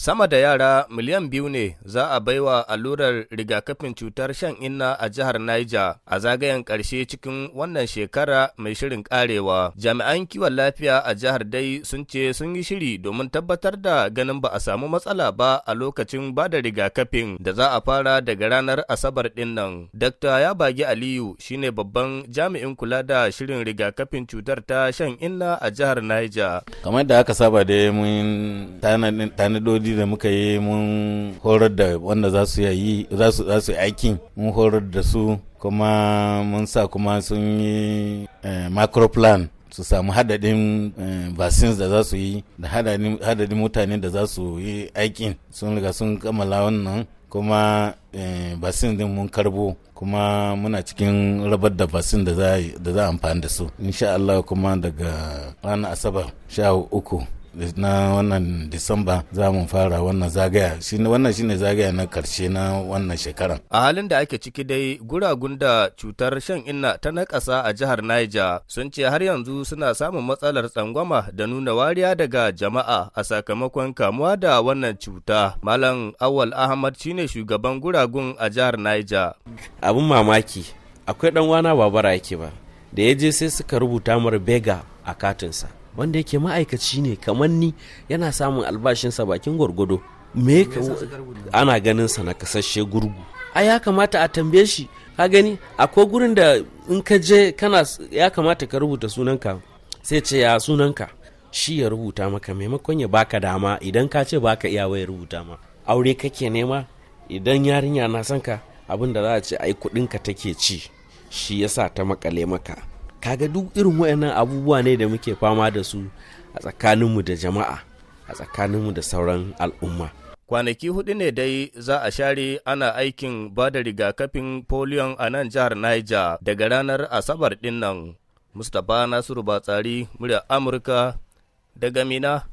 Sama da yara miliyan biyu ne za a baiwa allurar rigakafin cutar shan inna a jihar Niger a zagayen ƙarshe cikin wannan shekara mai shirin ƙarewa. Jami'an kiwon lafiya a jihar dai sun ce sun yi shiri domin tabbatar da ganin ba a samu matsala ba a lokacin ba da rigakafin da za a fara daga ranar Asabar ɗin nan. Dr. Yabagi Aliyu shine babban jami'in kula da shirin rigakafin cutar ta shan inna a jihar Niger. Kamar da aka saba dai mun tanadodi tanadi da muka yi mun horar da wanda za su yi aikin mun horar da su kuma mun sa kuma sun yi eh, plan su samu hadadin eh, vaccines da za su yi da hadadin mutane da za su yi aikin sun riga sun kammala wannan kuma eh, vaccine din mun karbo kuma muna cikin rabar da vaccine da za a amfani da su insha Allah kuma daga ranar asabar sha uku na wannan disamba za mu fara wannan zagaya wannan shine zagaya na karshe na wannan shekaran a halin da ake ciki dai guragun da cutar shan inna ta nakasa a jihar Niger sun ce har yanzu suna samun matsalar tsangwama da nuna wariya daga jama'a a sakamakon kamuwa da wannan cuta malam awal ahmad shine shugaban guragun a jihar Niger abin mamaki akwai dan wana babara yake ba da ya je sai suka rubuta mar bega a katinsa wanda yake ma'aikaci ne kamar ni yana samun albashinsa bakin gwargwado me ana ganin sa na kasashe gurgu a ya kamata a tambaye shi ka gani akwai gurin da in ka je kana ya kamata ka rubuta sunanka sai ce ya sunanka shi ya rubuta maka maimakon ya baka dama idan ka ce baka iyawa waya rubuta ma aure kake nema idan yarinya na son ka abin da za a ce ai kudinka take ci shi yasa ta makale maka kaga duk irin wayannan abubuwa ne da muke fama da su a tsakaninmu da jama'a a tsakaninmu da sauran al'umma kwanaki hudu ne dai za a share ana aikin ba da rigakafin polion a nan jihar niger daga ranar asabar dinnan mustapha nasiru batsari murya amurka daga mina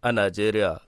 a nigeria